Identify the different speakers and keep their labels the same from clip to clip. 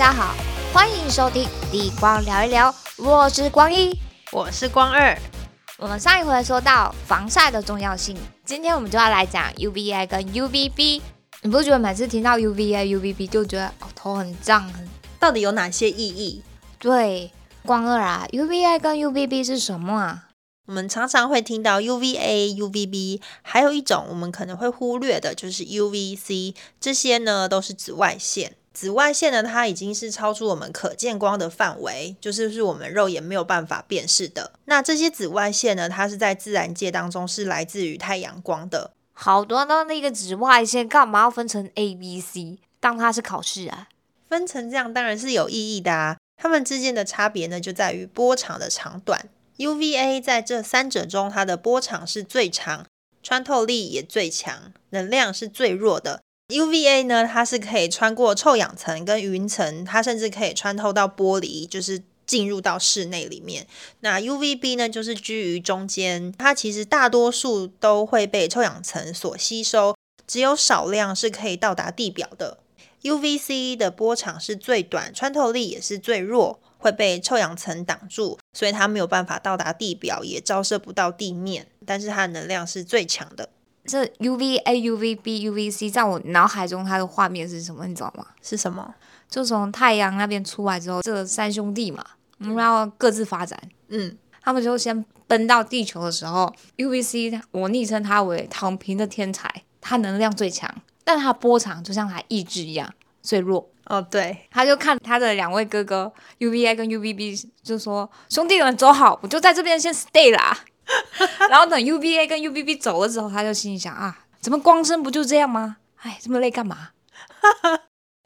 Speaker 1: 大家好，歡迎收聽《立光聊一聊》，我是光一，我是光二。我們上一回說到防曬的重要性，今天我們就要來講 U V A 跟 U V B。你不覺得每次聽到 U V A、U V B 就覺得、哦、頭很脹？到底有哪些
Speaker 2: 意義？對，光二啊，U V A 跟 U V B 是什麼啊？我們常常會聽到 U V A、U V B，還有一種我們可能會忽略的，就是 U V C。這些呢都是紫外線。紫外線呢，它已經是超出我們可見光的範圍，就是是我們肉眼沒有辦法辨識的。那這些紫外線呢，它是在自然界當中是來自於太陽光的。好端端的一個紫外線幹嘛要分成 A、B、C？當它是考試啊？分成這樣當然是有意義的啊。它們之間的差別呢，就在於波長的長短。UVA 在這三者中，它的波長是最長，穿透力也最強，能量是最弱的。UVA 呢，它是可以穿過臭氧層跟雲層，它甚至可以穿透到玻璃，就是進入到室內裡面。那 UVB 呢，就是居於中間，它其實大多數都會被臭氧層所吸收，只有少量是可以到達地表的。UVC 的波長是最短，穿透力也是最弱，會被臭氧層擋住，所以它沒有辦法到達地表，也照射不到地面，但是它的能量是最強的。
Speaker 1: 這 UVA、UVB、UVC 在我腦海中，它的畫面是什麼？你知道嗎？是什麼？就從太陽那邊出來之後，這三兄弟嘛，嗯、然後各自發展。
Speaker 2: 嗯，
Speaker 1: 他們就先奔到地球的時候，UVC，我昵稱它為“躺平的天才”，它能量最強，但它波長就像他意志一樣最弱。哦，對，他就看他的兩位哥哥 UVA 跟 UVB，就說：“兄弟們，走好，我就在這邊先 stay 啦。” 然後等 UVA 跟 UVB 走了之後，他就心裡想啊，怎麼光身不就這樣嗎？哎，這麼累幹嘛？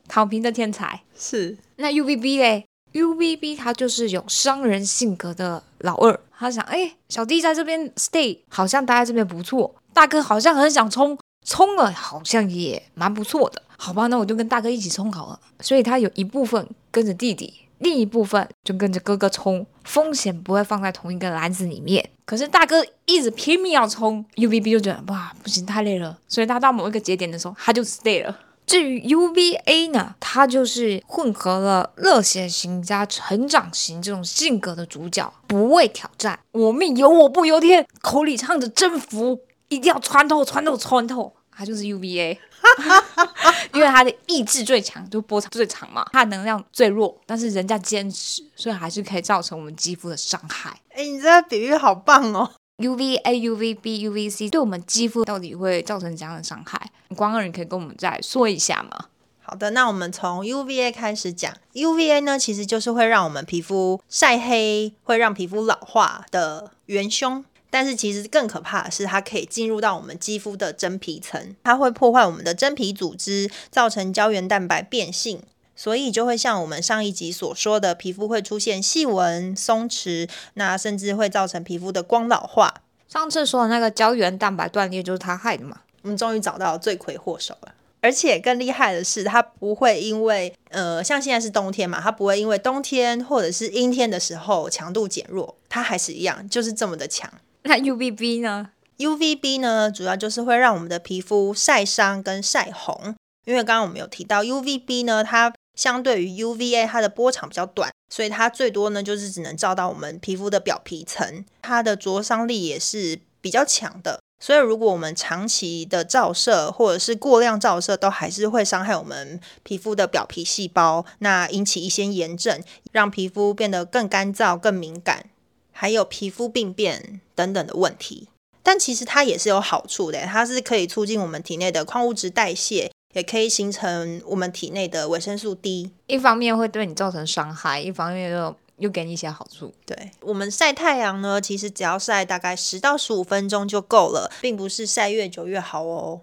Speaker 1: 躺 平的天才是那 UVB 呢？UVB 他就是有商人性格的老二，他想，哎，小弟在這邊 stay，好像待在這邊不錯。大哥好像很想衝，衝了好像也蠻不錯的，好吧？那我就跟大哥一起衝好了。所以他有一部分跟着弟弟。另一部分就跟着哥哥衝，風險不會放在同一個籃子裡面。可是大哥一直拼命要衝，U V B 就覺得哇，不行，太累了，所以他到某一個節點的時候，他就 stay 了。至於 U V A 呢，他就是混合了熱血型加成長型這種性格的主角，不畏挑戰，我命由我不由天，口裡唱着征服，一定要穿透穿透穿透，他就是 U V A。哈哈哈。啊、因為它的意志最強，啊，就波長最長嘛，它能量最弱，但是人家堅持，所以還是可以造成我們肌膚的傷害。
Speaker 2: 哎、欸，你這個比喻好棒哦
Speaker 1: ！UVA、UVB、UVC 對我們肌膚到底會造成怎樣的傷害？光哥，你
Speaker 2: 可以跟我們再說一下嗎？好的，那我們從 UVA 開始講。UVA 呢，其實就是會讓我們皮膚曬黑、會讓皮膚老化的元凶。但是其實更可怕的是，它可以進入到我們肌膚的真皮層，它會破壞我們的真皮組織，造成膠原蛋白變性，所以就會像我們上一集所說的，皮膚會出現細紋、鬆弛，那甚至會造成皮膚的光老化。上次說的那個膠原蛋白斷裂就是它害的嘛。我們終於找到罪魁禍首了。而且更厲害的是，它不會因為呃，像現在是冬天嘛，它不會因為冬天或者是陰天的時候強度減弱，它還是一樣，就是這麼的強。那 UVB 呢？UVB 呢，主要就是會讓我們的皮膚曬傷跟曬紅。因為剛剛我們有提到 UVB 呢，它相對於 UVA 它的波長比較短，所以它最多呢就是只能照到我們皮膚的表皮層，它的灼傷力也是比較強的。所以如果我們長期的照射或者是過量照射，都還是會傷害我們皮膚的表皮細胞，那引起一些炎症，讓皮膚變得更乾燥、更敏感。還有皮膚病變等等的問題，但其實它也是有好處的，它是可以促進我們體內的礦物質代謝，也可以形成我們體內的維生素 D。一方面會對你造成傷害，一方面又又給你一些好處。對。我們曬太陽呢，其實只要曬大概十到十五分鐘就夠了，並不是曬越久越好哦。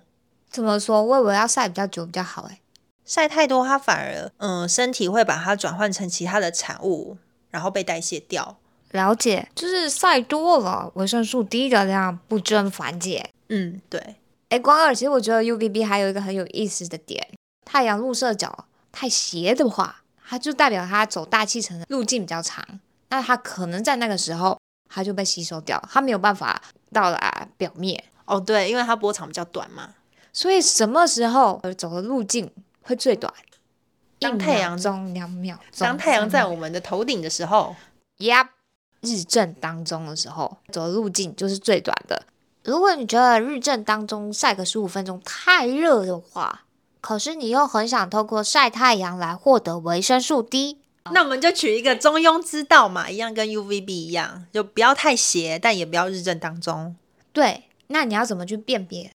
Speaker 2: 怎麼說？我以為要曬比較久比較好哎，曬太多它反而嗯，身體會把它轉換成其他的產物，然後被代謝掉。
Speaker 1: 了解，就是曬多了維生素 D 的量不增反減。嗯，對。哎、欸，光二其實我覺得 UVB 還有一個很有意思的點，太陽入射角太斜的話，它就代表它走大氣層的路徑比較長，那它可能在那個時候它就被吸收掉，它沒有辦
Speaker 2: 法到達表面。哦，對，因為它波長比較短嘛。
Speaker 1: 所以什麼時候走的路徑會最短？
Speaker 2: 當太陽
Speaker 1: 中兩秒，秒鐘。當太陽在我們的頭頂的時候 y、yep. e 日正當中的時候，走的路徑就是最短的。如果你覺得日正當中曬個十五分鐘太熱的話，可是你又很想透過曬太陽來獲得維生素 D，
Speaker 2: 那我們就取一個中庸之道嘛，一樣跟 UVB 一樣，就不要太斜，但也不要日正當中。
Speaker 1: 對，那你要怎麼去辨別？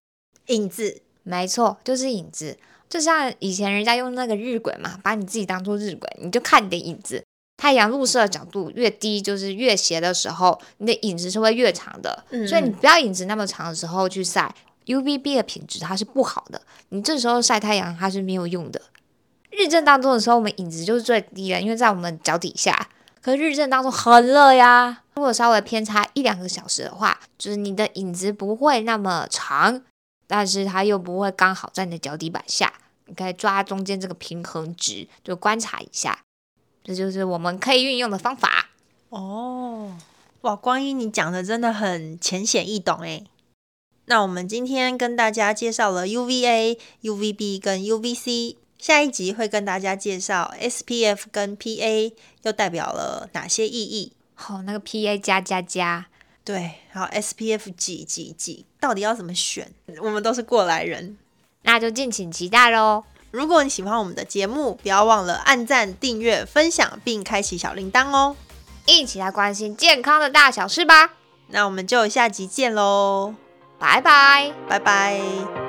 Speaker 1: 影子。沒錯，就是影子。就像以前人家用那個日晷嘛，把你自己當做日晷，你就看你的影子。太陽入射的角度越低，就是越斜的時候，你的影子是會越長的。嗯。所以你不要影子那麼長的時候去曬 UVB 的品質它是不好的。你這時候曬太陽它是沒有用的。日正當中的時候，我們影子就是最低的，因為在我們腳底下。可是日正當中很熱呀。如果稍微偏差一兩個小時的話，就是你的影子不會那麼長，但是它又不會剛好在你的腳底板下。你可以抓中間這個平衡值，就觀察一下。這就是
Speaker 2: 我們可以運用的方法哦！哇，光一你講的真的很淺顯易懂哎。那我們今天跟大家介紹了 UVA、UVB 跟 UVC，下一集會跟大家介紹 SPF 跟 PA 又代表了哪些意義。好、哦，那個 PA 加加加，對，然後 SPF 幾幾幾，到底要怎麼選？我們都是過來人，那就敬請期待嘍。如果你喜歡我們的節目，不要忘了按讚、訂閱、分享，並開啟小鈴鐺哦！一起來關心健康的大小事吧！那我們就下集見嘍！拜拜！拜拜。